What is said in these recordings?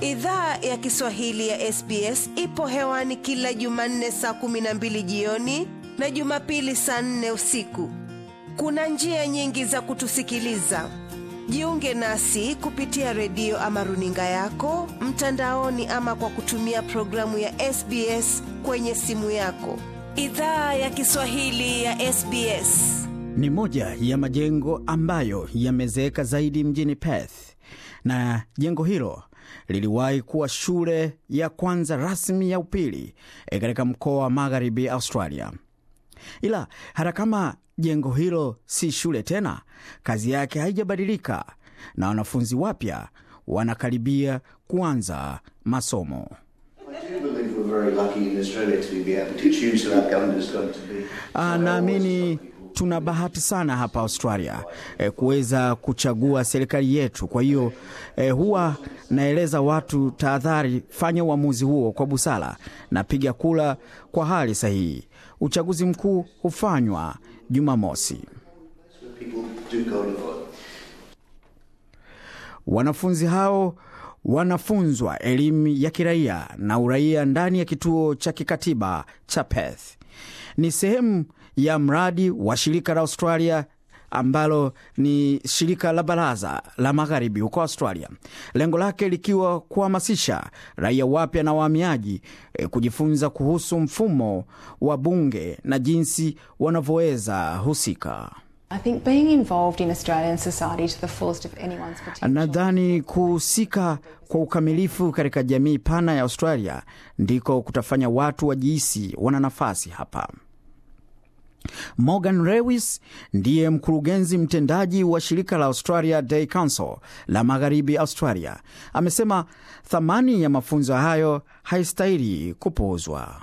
Idhaa ya Kiswahili ya SBS ipo hewani kila Jumanne saa kumi na mbili jioni na Jumapili saa nne usiku. Kuna njia nyingi za kutusikiliza. Jiunge nasi kupitia redio ama runinga yako mtandaoni, ama kwa kutumia programu ya SBS kwenye simu yako. Idhaa ya Kiswahili ya SBS ni moja ya majengo ambayo yamezeeka zaidi mjini Perth, na jengo hilo liliwahi kuwa shule ya kwanza rasmi ya upili eh, katika mkoa wa magharibi Australia. Ila hata kama jengo hilo si shule tena, kazi yake haijabadilika na wanafunzi wapya wanakaribia kuanza masomo. Ah, naamini tuna bahati sana hapa Australia e, kuweza kuchagua serikali yetu. Kwa hiyo e, huwa naeleza watu tahadhari, fanya uamuzi huo kwa busara na piga kula kwa hali sahihi. Uchaguzi mkuu hufanywa Jumamosi. Wanafunzi hao wanafunzwa elimu ya kiraia na uraia ndani ya kituo cha kikatiba cha Perth. Ni sehemu ya mradi wa shirika la Australia ambalo ni shirika la baraza la magharibi huko Australia, lengo lake likiwa kuhamasisha raia wapya na wahamiaji e, kujifunza kuhusu mfumo wa bunge na jinsi wanavyoweza husika. Nadhani kuhusika kwa ukamilifu katika jamii pana ya Australia ndiko kutafanya watu wajihisi wana nafasi hapa. Morgan Lewis ndiye mkurugenzi mtendaji wa shirika la Australia Day Council la Magharibi Australia. Amesema thamani ya mafunzo hayo haistahili kupuuzwa.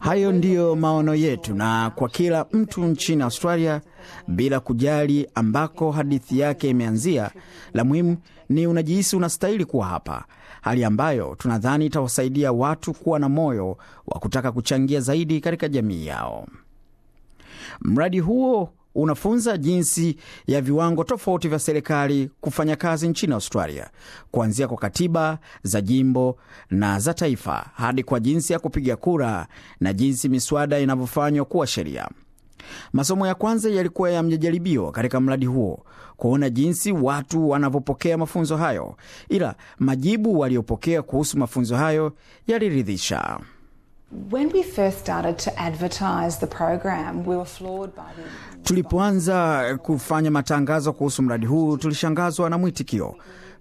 Hayo ndiyo maono yetu, na kwa kila mtu nchini Australia, bila kujali ambako hadithi yake imeanzia. La muhimu ni unajihisi unastahili kuwa hapa, hali ambayo tunadhani itawasaidia watu kuwa na moyo wa kutaka kuchangia zaidi katika jamii yao. Mradi huo unafunza jinsi ya viwango tofauti vya serikali kufanya kazi nchini Australia, kuanzia kwa katiba za jimbo na za taifa hadi kwa jinsi ya kupiga kura na jinsi miswada inavyofanywa kuwa sheria. Masomo ya kwanza yalikuwa ya mjajaribio katika mradi huo, kuona jinsi watu wanavyopokea mafunzo hayo, ila majibu waliopokea kuhusu mafunzo hayo yaliridhisha. Tulipoanza kufanya matangazo kuhusu mradi huu tulishangazwa na mwitikio.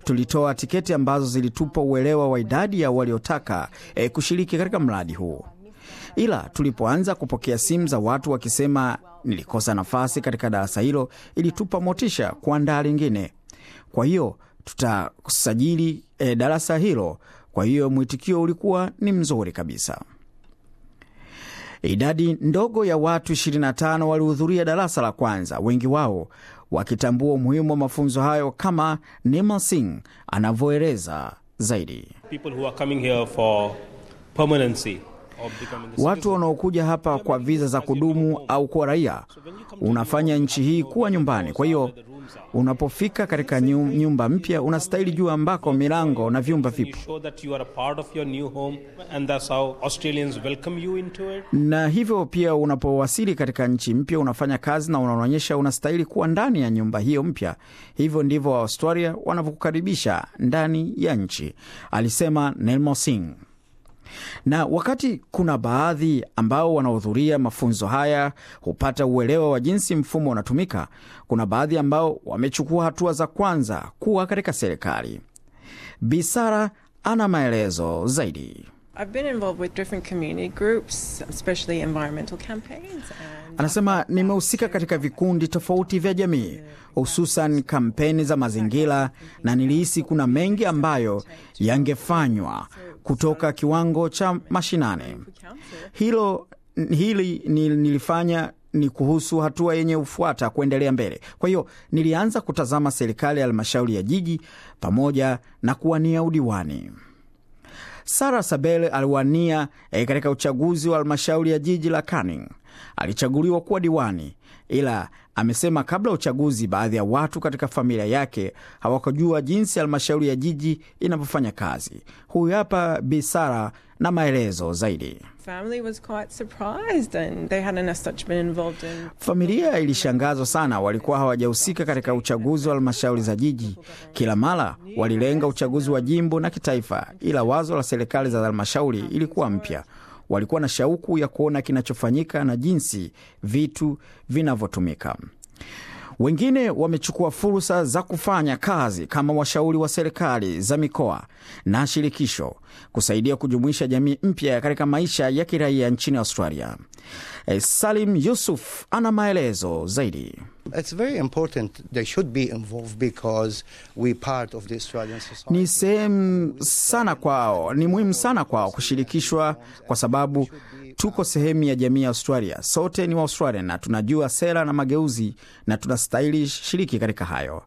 Tulitoa tiketi ambazo zilitupa uelewa wa idadi ya waliotaka e, kushiriki katika mradi huu, ila tulipoanza kupokea simu za watu wakisema nilikosa nafasi katika darasa hilo, ilitupa motisha kuandaa lingine. Kwa hiyo tutasajili e, darasa hilo. Kwa hiyo mwitikio ulikuwa ni mzuri kabisa. Idadi ndogo ya watu 25 walihudhuria darasa la kwanza, wengi wao wakitambua umuhimu wa mafunzo hayo, kama nimasing anavyoeleza zaidi. People who are watu wanaokuja hapa kwa viza za kudumu au kuwa raia, unafanya nchi hii kuwa nyumbani. Kwa hiyo unapofika katika nyumba mpya unastahili jua ambako milango na vyumba vipo, na hivyo pia unapowasili katika nchi mpya unafanya kazi na unaonyesha unastahili kuwa ndani ya nyumba hiyo mpya. Hivyo ndivyo Waaustralia wanavyokukaribisha ndani ya nchi, alisema nelmosing na wakati kuna baadhi ambao wanahudhuria mafunzo haya hupata uelewa wa jinsi mfumo unatumika, kuna baadhi ambao wamechukua hatua za kwanza kuwa katika serikali. Bisara ana maelezo zaidi. Groups, anasema nimehusika katika vikundi tofauti vya jamii, hususan kampeni za mazingira, na nilihisi kuna mengi ambayo yangefanywa kutoka kiwango cha mashinani. Hilo hili nilifanya ni kuhusu hatua yenye ufuata kuendelea mbele. Kwa hiyo nilianza kutazama serikali ya halmashauri ya jiji pamoja na kuwania udiwani. Sara Sabel aliwania e, katika uchaguzi wa halmashauri ya jiji la Canning alichaguliwa kuwa diwani, ila amesema kabla ya uchaguzi baadhi ya watu katika familia yake hawakujua jinsi halmashauri ya jiji inavyofanya kazi. Huyu hapa bisara na maelezo zaidi. Familia ilishangazwa sana, walikuwa hawajahusika katika uchaguzi wa halmashauri za jiji. Kila mara walilenga uchaguzi wa jimbo na kitaifa, ila wazo la serikali za halmashauri ilikuwa mpya walikuwa na shauku ya kuona kinachofanyika na jinsi vitu vinavyotumika. Wengine wamechukua fursa za kufanya kazi kama washauri wa serikali za mikoa na shirikisho kusaidia kujumuisha jamii mpya katika maisha ya kiraia nchini Australia. Eh, Salim Yusuf ana maelezo zaidi. Ni sehemu sana kwao, ni muhimu sana kwao kushirikishwa, kwa sababu tuko sehemu ya jamii ya Australia. Sote ni wa Australia na tunajua sera na mageuzi na tunastahili shiriki katika hayo.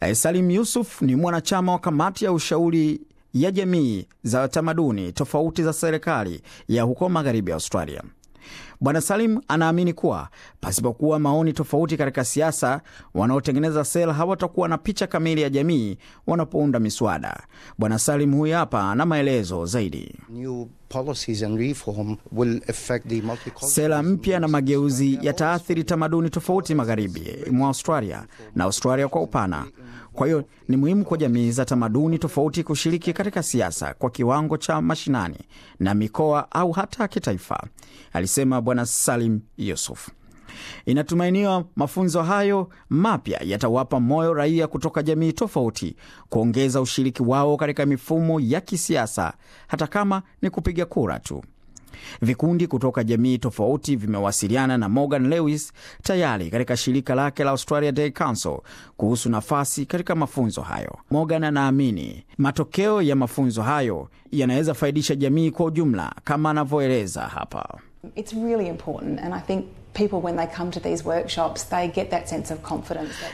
Eh, Salim Yusuf ni mwanachama wa kamati ya ushauri ya jamii za tamaduni tofauti za serikali ya huko magharibi ya Australia. Bwana Salim anaamini kuwa pasipokuwa maoni tofauti katika siasa, wanaotengeneza sera hawatakuwa na picha kamili ya jamii wanapounda miswada. Bwana Salim huyu hapa na maelezo zaidi. New sera mpya na mageuzi yataathiri tamaduni tofauti magharibi mwa Australia na Australia kwa upana kwa hiyo ni muhimu kwa jamii za tamaduni tofauti kushiriki katika siasa kwa kiwango cha mashinani na mikoa au hata kitaifa, alisema Bwana Salim Yusuf. Inatumainiwa mafunzo hayo mapya yatawapa moyo raia kutoka jamii tofauti kuongeza ushiriki wao katika mifumo ya kisiasa, hata kama ni kupiga kura tu. Vikundi kutoka jamii tofauti vimewasiliana na Morgan Lewis tayari katika shirika lake la Australia Day Council kuhusu nafasi katika mafunzo hayo. Morgan anaamini matokeo ya mafunzo hayo yanaweza faidisha jamii kwa ujumla, kama anavyoeleza hapa. It's really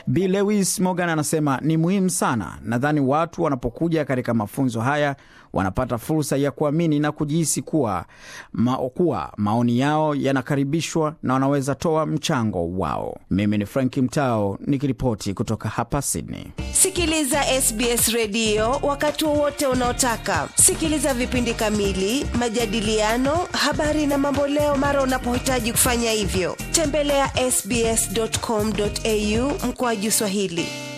B Lewis Morgan anasema ni muhimu sana, nadhani watu wanapokuja katika mafunzo haya wanapata fursa ya kuamini na kujihisi kuwa, ma, kuwa maoni yao yanakaribishwa na wanaweza toa mchango wao. Mimi ni Franki Mtao nikiripoti kutoka hapa Sydney. Sikiliza SBS redio wakati wowote unaotaka. Sikiliza vipindi kamili, majadiliano, habari na mamboleo mara unapohitaji kufanya hivyo. Tembelea sbs.com.au mkoaju Swahili.